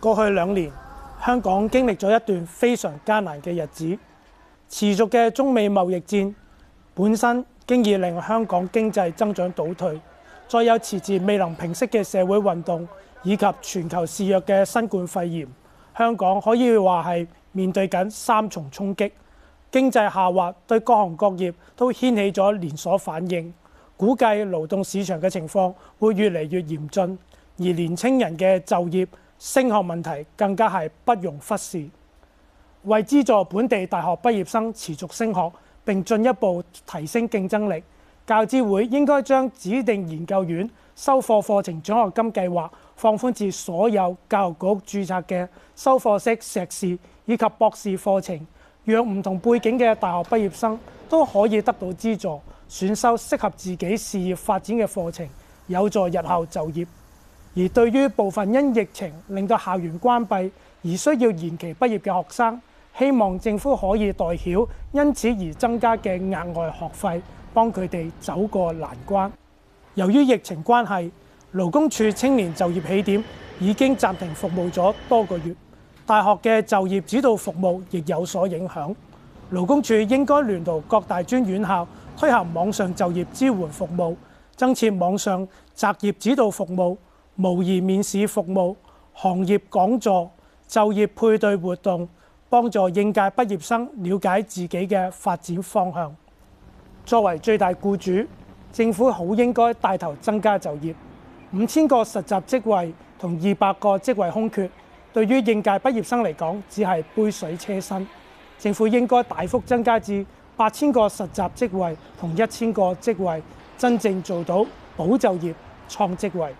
過去兩年，香港經歷咗一段非常艱難嘅日子。持續嘅中美貿易戰本身經已令香港經濟增長倒退，再有遲遲未能平息嘅社會運動，以及全球肆虐嘅新冠肺炎，香港可以話係面對緊三重衝擊。經濟下滑對各行各業都掀起咗連鎖反應，估計勞動市場嘅情況會越嚟越嚴峻，而年青人嘅就業、升學問題更加係不容忽視。為資助本地大學畢業生持續升學，並進一步提升競爭力，教資會應該將指定研究院修課課程獎學金計劃放寬至所有教育局註冊嘅修課式碩士以及博士課程，讓唔同背景嘅大學畢業生都可以得到資助，選修適合自己事業發展嘅課程，有助日後就業。而對於部分因疫情令到校園關閉而需要延期畢業嘅學生，希望政府可以代繳因此而增加嘅額外學費，幫佢哋走過難關。由於疫情關係，勞工處青年就業起點已經暫停服務咗多個月，大學嘅就業指導服務亦有所影響，勞工處應該聯同各大專院校推行網上就業支援服務，增設網上擇業指導服務。模擬面試服務、行業講座、就業配對活動，幫助應屆畢業生了解自己嘅發展方向。作為最大僱主，政府好應該帶頭增加就業。五千個實習職位同二百個職位空缺，對於應屆畢業生嚟講，只係杯水車薪。政府應該大幅增加至八千個實習職位同一千個職位，真正做到保就業、創職位。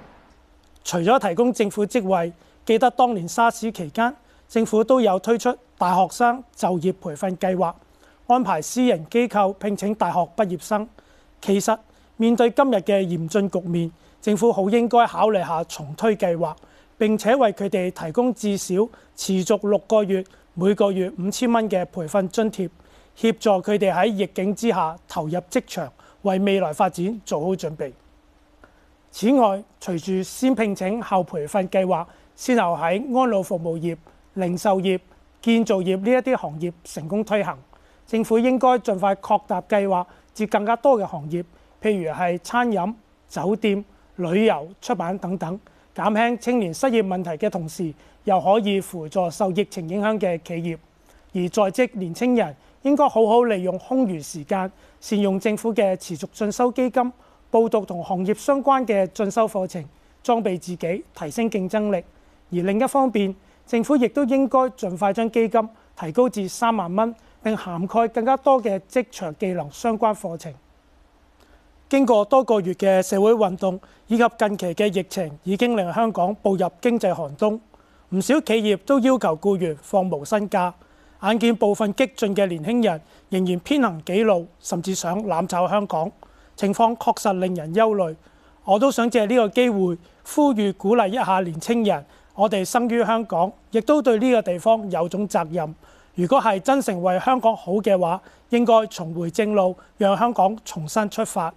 除咗提供政府職位，記得當年沙士期間，政府都有推出大學生就業培訓計劃，安排私人機構聘請大學畢業生。其實面對今日嘅嚴峻局面，政府好應該考慮下重推計劃，並且為佢哋提供至少持續六個月，每個月五千蚊嘅培訓津貼，協助佢哋喺逆境之下投入職場，為未來發展做好準備。此外，隨住先聘請後培訓計劃先後喺安老服務業、零售業、建造業呢一啲行業成功推行，政府應該盡快擴大計劃至更加多嘅行業，譬如係餐飲、酒店、旅遊、出版等等，減輕青年失業問題嘅同時，又可以輔助受疫情影響嘅企業。而在職年青人應該好好利用空餘時間，善用政府嘅持續進修基金。報讀同行業相關嘅進修課程，裝備自己，提升競爭力。而另一方面，政府亦都應該盡快將基金提高至三萬蚊，並涵蓋更加多嘅職場技能相關課程。經過多個月嘅社會運動，以及近期嘅疫情，已經令香港步入經濟寒冬。唔少企業都要求僱員放無薪假。眼見部分激進嘅年輕人仍然偏行己路，甚至想攬炒香港。情況確實令人憂慮，我都想借呢個機會呼籲鼓勵一下年青人。我哋生於香港，亦都對呢個地方有種責任。如果係真誠為香港好嘅話，應該重回正路，讓香港重新出發。